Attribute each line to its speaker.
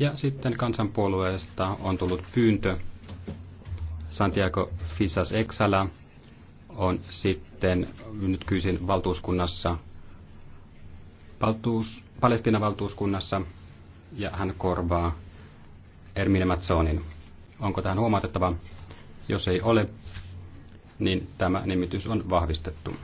Speaker 1: Ja sitten kansanpuolueesta on tullut pyyntö. Santiago Fisas Exala on sitten nyt kyysin valtuuskunnassa, valtuus, Palestinan valtuuskunnassa ja hän korvaa Ermine Mazzonin. Onko tähän huomautettava? Jos ei ole, niin tämä nimitys on vahvistettu.